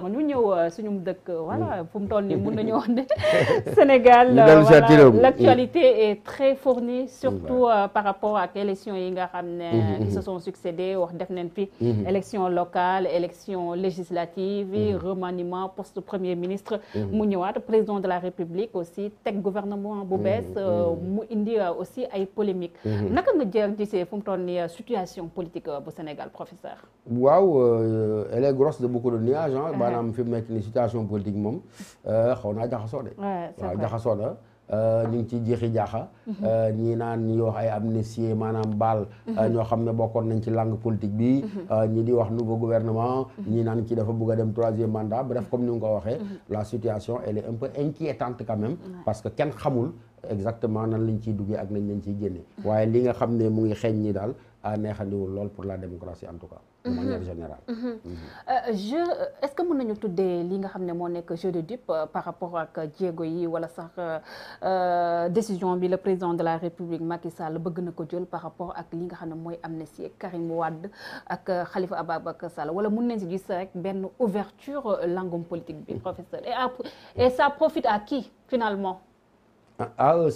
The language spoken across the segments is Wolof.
docteur ñu ñëw euh, suñu dëkk. Euh, voilà mm. fu mu toll nii mun nañu wax ne Sénégal euh, voilà l'actualité est très fournie mm. surtout par rapport ak élection yi nga xam ne. qui mm-hmm, mm-hmm. se sont succédé wax def nañ fi. Mm-hmm. élection locale élection législative yi remaniement poste premier ministre. mu ñëwaat président de la république aussi teg gouvernement bu bees. mu indi aussi ay polémiques. naka nga jër fu mu toll nii situation politique bu Sénégal professeur. waaw elle est grosse de maanaam fi mu nekk ni situation politique moom euh, xaw naa jaxasoo de waaw jaxasoo la euh, ñu ngi ci jeexi jaaxa mm-hmm. euh, ñii naan ñi wax ay amnistie maanaam baal mm-hmm. ñoo xam ne bokkoon nañ ci langue politique bi mm-hmm. ñii di wax nouveau gouvernement ñii naan kii dafa bëgg a dem troisième mandat bref comme ni nga ko waxee la situation elle est un peu inquiétante quand même parce que kenn xamul exactement nan lañ ciy duggee ak nañ lañ ciy génne waaye li nga xam ne mu ngi xeeñ ñi daal a neexandiwul lool pour la démocratie en tout cas. de mhm. manière générale. Mhm. Mhm. Euh, jeu est-ce que mun nañu tuddee li nga xam ne moo nekk jeu de dupe euh, par rapport ak jéego yi wala sax euh, décision bi le président de la république Macky Sall bëgg na ko jël par rapport ak li nga xam ne mooy am si amnistie Karim Wade ak Khalifa Ababacar Sall wala mun nañ si gis rek benn ouverture langum politique bi professeur et et ça profite à qui finalement. à eux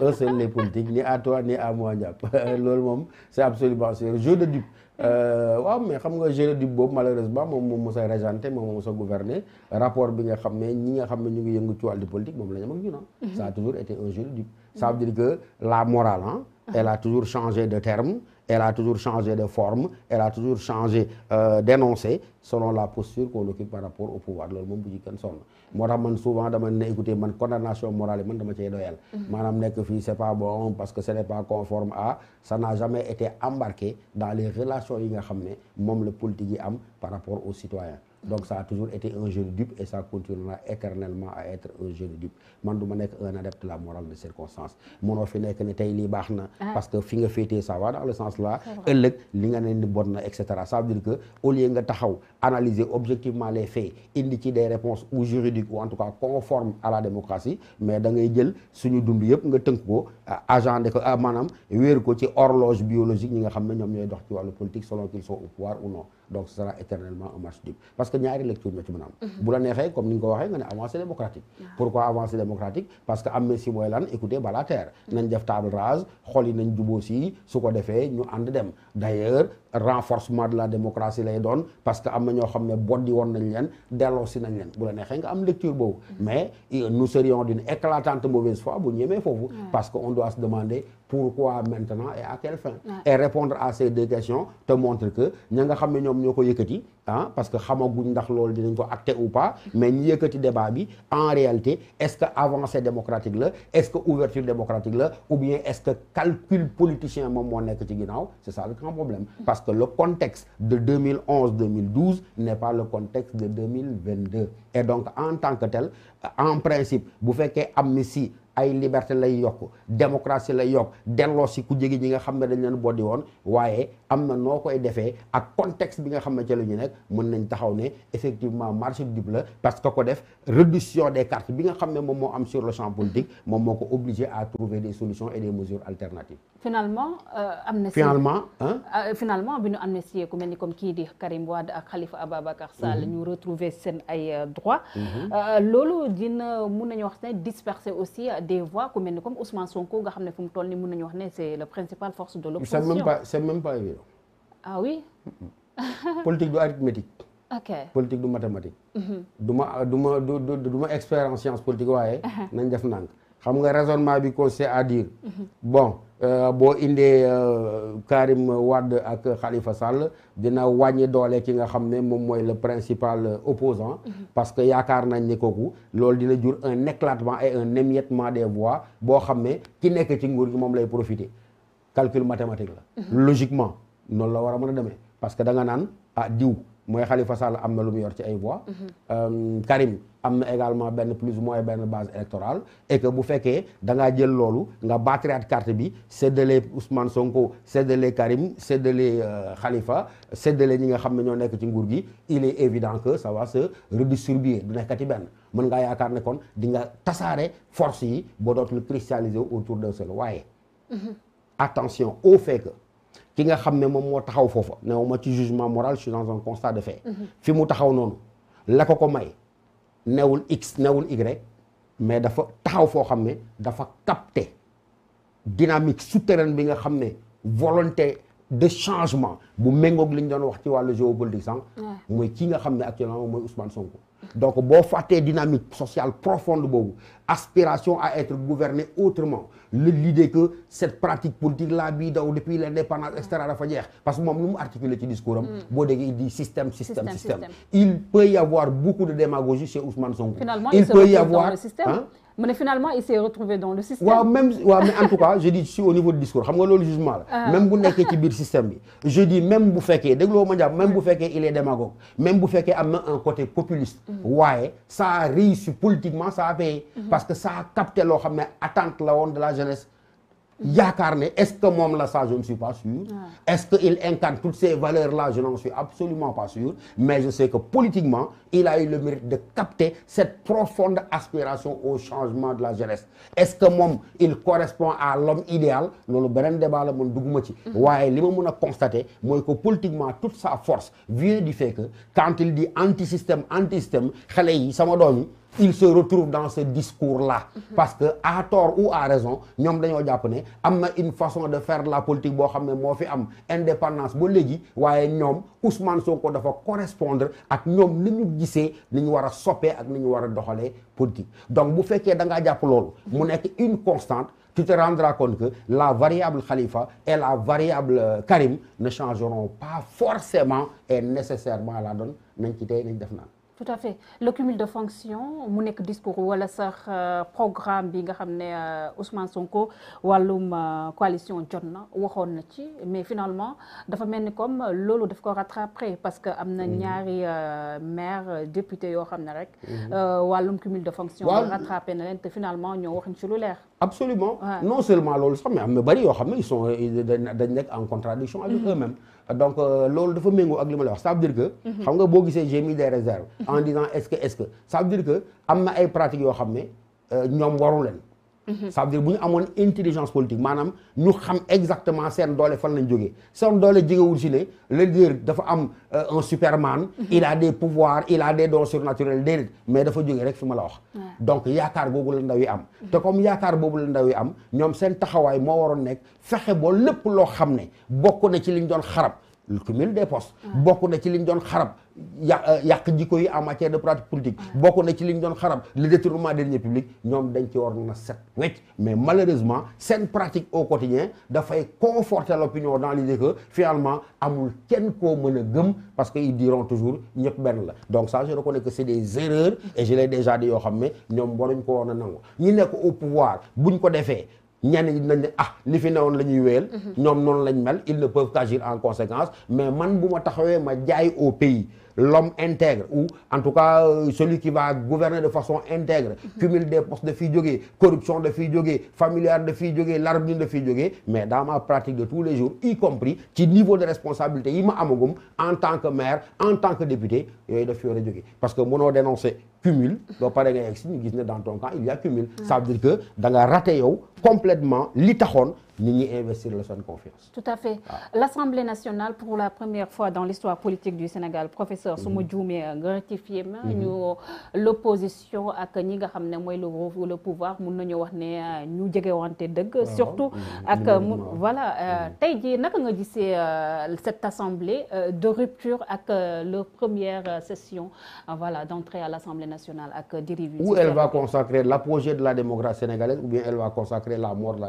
un seul les politiques ni à toi ni à moi loolu moom c'est absolument sûr jeu de dupe euh, waaw mais xam nga jeu de dupe boobu malheureusement moom moom mos a régenté moom mos a gouverner rapport bi nga xam ne ñi nga xam ne ñu ngi yëngu ci wàllu politique moom la ñu am ak ñun ah. mhm. ça a toujours été un jeu de dupe ça veut dire que la morale ah a toujours changé de terme elle a toujours changé de forme elle a toujours changé euh, d'énoncé selon la posture qu'on occupe par rapport au pouvoir loolu moom bu ci kenn sonn moo tax man souvent dama ne écoutez man condamnation morale man dama cee mm-hmm. maanaam nekk fii c'est pas bon parce que ce n'est pas conforme a ça n'a jamais été embarqué dans les relations yi nga xam ne moom la politique yi am par rapport aux citoyens donc ça a toujours été un jeune dupe et ça continuera éternellement à être un jeune dupe man du ma nekk un adepte de la morale de circonstance mënoo fi nekk ni tey lii baax na ah. parce que fi nga féetee ça va dans le sens là ëllëg li nga ne ni bon na et cetera ça veut que au lieu nga taxaw analyser objectivement les faits indi ci des réponses ou juridiques ou en tout cas conformes à la démocratie mais da ngay jël suñu dund yëpp nga tënk ko ah, agendé ko ah, maanaam wéeru ko ci horloge biologique ñi nga xam ne ñoom ñooy dox ci wàllu politique selon qu'ils sont donc ce sera éternellement un match nul parce que ñaari lecture ñoo ci mën a am mm-hmm. bu la neexee comme ni nga ko waxee nga ne avancée démocratique pourquoi avancée démocratique parce que amnistie mooy lan écoutez bala terre mm-hmm. nañ def table rase xool yi nañ jubóo si su ko defee ñu ànd dem d'ailleurs renforcement de la démocratie lay doon parce que am na ñoo xam ne boddi woon nañ leen delloosi nañ leen bu la neexee nga am lecture boobu mm-hmm. mais euh, nous serions d'une éclatante mauvaise foi bu ñemee foofu parce que on doit se demander pourquoi maintenant et à quelle fin et répondre à ces deux questions te montre que ña nga xam ne ñoom ñoo ko yëkkati ah, parce que xamaguñ ndax loolu dinañ ko acté ou pas mais ñu yëkkati débat bi en réalité est-ce que avancée démocratique parce que le contexte de 2011-2012 n'est pas le contexte de 2022 et donc en tant que tel en principe bu fekkee amnistie ay liberté lay yokk démocratie lay yokk delloo ku jege ñi nga xam ne dañ leen boddi woon waaye am na noo koy defee ak contexte bi nga xam ne ca la ñu nekk mën nañ taxaw ne effectivement marché du parce que ko def réduction des cartes bi nga xam ne moom moo am sur politique moom moo ko obligé à trouver des solutions et des mesures alternatives. finalement euh, amnistie euh, finalement bi ñu amnistie ku mel ni comme kii di Karim ak Khalifa Ababacar mhm. des voix ku mel ni comme Ousmane Sonko nga xam ne fu toll nii mën nañu wax ne c'est la principale force de l'opposition. c'est même pas c'est ah politique du arithmétique. ok politique du mathématique. Mm-hmm. du ma du ma du ma expert science politique waaye. nañ def nang xam nga raisonnement bi consiste à dire. Mm-hmm. bon. Euh, boo indee euh, Karim Wade ak xalifa Sall dina wàññi doole ki nga xam ne moom mooy le principal euh, opposant mm-hmm. parce que yaakaar nañ ni kooku loolu dina jur un éclatement et un émiettement des voix boo xam ne ki nekk ci nguur gi moom lay profiter calcul mathématique la mm-hmm. logiquement noonu la war a mën a demee parce que da nga naan ah diw mooy xalifa Sall am na lu mu yor ci ay voix. Mhm. Euh, Karim am na également benn plus ou moins benn base électorale et bu fekkee dangaa jël loolu nga battriat carte bi séddale Ousmane Sonko séddale Karim séddale xalifa euh, seddalee ñi nga xam ne ñoo nekk ci nguur gi il est évident que ça va se redistribuer du nekkati benn mën ngaa yaakaar ne kon di nga tasaare force yi boo dootul cristalliser autour d'un seul waaye mhm. attention au fait que ki nga xam ne moom moo taxaw foofa new ma ci jugement moral je suis dans un constat de fait mhm. fi mu taxaw noonu la ko ko may newul x newul y mais dafa taxaw foo xam ne dafa capter dynamique souterraine bi nga xam ne volonté de changement bu méngoog li ñu doon wax ci wàllu géopolitique sànq mooy ki nga xam ne actuellement moom mooy Ousmane Sonko donc boo fàttee dynamique sociale profonde boobu aspiration à être gouverné autrement le l'idée que cette pratique politique là bii daw depuis l'indépendance et cetera dafa jeex parce que moom lu mu articulé ci discours hmm. boo déggee il dit système système système il peut y avoir beaucoup de démagogie chez Ousmane Sonko il peut y avoir mu ne finalement il s'est retrouvé dans le système. waaw même waaw mais en tout cas je dis si au niveau du discours xam nga loolu jugement la. Ah. même bu nekkee ci système bi. je dis même bu fekkee dégloo ma jàpp même bu fekkee il est démagogue même bu fekkee am na un côté populiste. Mm-hmm. waaye ça a réussi politiquement ça a mm-hmm. parce que ça a loo xam ne attente la woon de la jeunesse. yaakaar ne est-ce que moom la ça je ne suis pas sûr ah. est-ce que il incarne toutes ces valeurs là je n'en absolument pas sûr mais je sais que politiquement il a eu le mérite de capter cette profonde aspiration au changement de la jeunesse est-ce que moom il correspond à l'homme idéal loolu beneen débat la man dugguma ci mm-hmm. waaye li ma mën a constater mooy que politiquement toute sa force vient du fait que quand il dit anti-système anti-système xale yi sama doom yi il se retrouve dans ce discours-là. Mhm. parce que à tort ou à raison ñoom dañoo jàpp ne am na une façon de faire la politique boo xam ne moo fi am indépendance ba léegi waaye ñoom Ousmane Sonko dafa correspondre ak ñoom li ñu gisee li ñu war a soppee ak ni ñu war a doxalee politique. donc bu fekkee da ngaa jàpp loolu. mu nekk une constante. tu te rendras compte que la variable Khalifa et la variable euh, Karim ne changeront pas forcément et nécessairement laa doon nañ ci tey nañ def naan. tout à fait le cumul de fonction mu nekk discours wala sax euh, programme bi nga xam ne euh, Ousmane Sonko wàllum euh, coalition jot na waxoon na ci mais finalement dafa mel ni comme loolu daf ko rattrapé parce que am na mm-hmm. ñaari maire député yoo xam ne rek. Mm-hmm. wàllum cumul de fonction. waaw rattrapé na leen te finalement ñoo waxuñ ci lu leer. absolument non seulement loolu sax mais am na bari yoo xam ne ils sont dañ nekk en contradiction avec mm-hmm. eux-mêmes. donc euh, loolu dafa méngoo ak li ma la wax ça veut dire que mhm. xam nga boo gisee j'ai mis des réserves en disant est-ce que est-ce que am na ay pratiques yoo xam ne euh, ñoom waru leen Mhm. ça veut bu ñu amoon intelligence politique maanaam ñu xam exactement seen doole fan lañ jógee seen doole jógewul si ne le leader dafa am euh, un superman mhm. il a des pouvoir il a des dons surnaturels déedéet mais dafa jóge rek fi ma la wax donc yaakaar googu la ndaw yi am mhm. te comme yaakaar boobu la ndaw yi am ñoom seen taxawaay moo waroon nekk fexe ba lépp loo xam ne bokk na ci liñ doon xarab le cumul des postes bokk na ci liñ doon xarab yàq euh, yàq jikko yi en matière de pratique politique bokk na ci liñ doon xarab le détournement des deniers publics ñoom dañ ci war na set wecc mais malheureusement seen pratique au quotidien dafay conforter l'opinion dans l'idée que finalement amul kenn koo mën a gëm parce que ils diront toujours ñëpp benn la donc ça je reconnais que c'est des erreurs et je l'ai déjà dit yoo xam ne ñoom waruñ ko war a nangu ñu nekk au pouvoir buñ ko defee ñenn ñi nañ ne ah li fi newoon la ñuy wéyal mhm. ñoom noonu lañ mel ils ne peuvent qu'agir en conséquence mais man bu ma taxawee ma jaay au pays l'homme intègre ou en tout cas euh, celui qui va gouverner de façon intègre cumul des postes de fii jógee corruption de fii jógee familiale de fii jógee larbine de fii jógee mais dans ma pratique de tous les jours y compris ci niveau de responsabilité yi ma amagum en tant que maire en tant que député yooyu da fi war a parce que mënoo dénoncer cumul doo pare nga yegg si gis ne dans ton camp il y a cumul que da nga raté yow complètement li taxoon ni ñi investir le seen confiance. tout à fait ah. l'Assemblée nationale pour la première fois dans l'histoire politique du Sénégal professeur su ma juumee nga rectifié ma mm-hmm. ñu euh, l'opposition ak ñi nga xam ne mooy le le pouvoir mun nañu wax ne euh, ñu wante dëgg. Ah, surtout mm-hmm. ak ah. voilà euh, mm-hmm. tey jii naka nga gisee cette assemblée de rupture ak leur première session voilà d'entrée à l'Assemblée nationale ak dérive. où elle va consacrer l'apogée de la démocratie sénégalaise ou bien elle la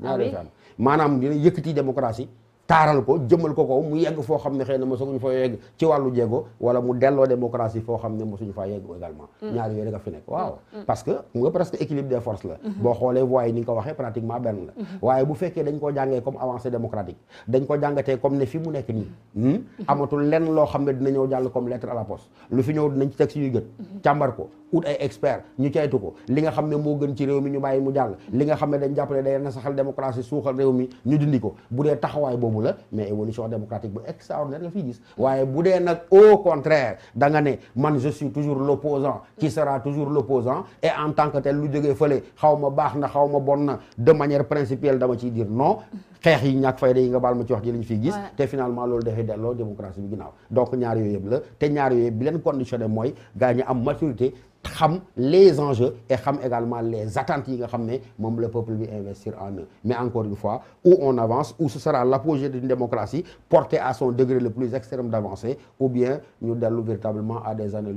la ndeysaan maanaam dina yëkkati démocratie taaral ko jëmal ko kaw mu yegg foo xam ne xëy na mosuñu fa yegg ci wàllu jéego wala mu delloo démocratie foo xam ne mosuñu faa yegg également mm. ñaari yooyu rek a fi nekk waaw mm. parce que mu nga presque équilibre des forces la mm-hmm. boo xoolee voies yi ko waxee pratiquement benn la mm-hmm. waaye bu fekkee dañ koo jàngee comme avancée démocratique dañ ko jàngatee comme ne fi mu nekk nii hmm, mm-hmm. amatul lenn loo xam ne dina ñëw jàll comme lettre à la lu fi ñëw dinañ ci teg suñuy ko ut ay expert ñu caytu ko li nga xam ne moo gën ci réew mi ñu bàyyi mu jàll li nga xam ne dañ jàpp ne day nasaxal démocratie suuxal réew mi ñu dindi ko bu dee taxawaay boobu la mais évolution démocratique bu extraordinaire nga fiy gis waaye bu dee nag au contraire da nga ne man je suis toujours l'opposant qui sera toujours l'opposant et en tant que tel lu jógee fële xaw ma baax na xaw ma bon na de manière principielle dama ciy dire non xeex yi ñàkk fayda yi nga baal ma ci wax ji lañu fiy gis te finalement loolu dafay delloo démocratie bi ginnaaw donc ñaar yooyu yëpp la te ñaar yooyu yëpp bi leen conditionné mooy gars am maturité xam les enjeux et xam également les attentes yi nga xam ne moom la peuple bi investir en eux mais encore une fois où on avance où ce sera l'apogée d'une démocratie portée à son degré le plus extrême d'avancée ou bien ñu dellu véritablement à des années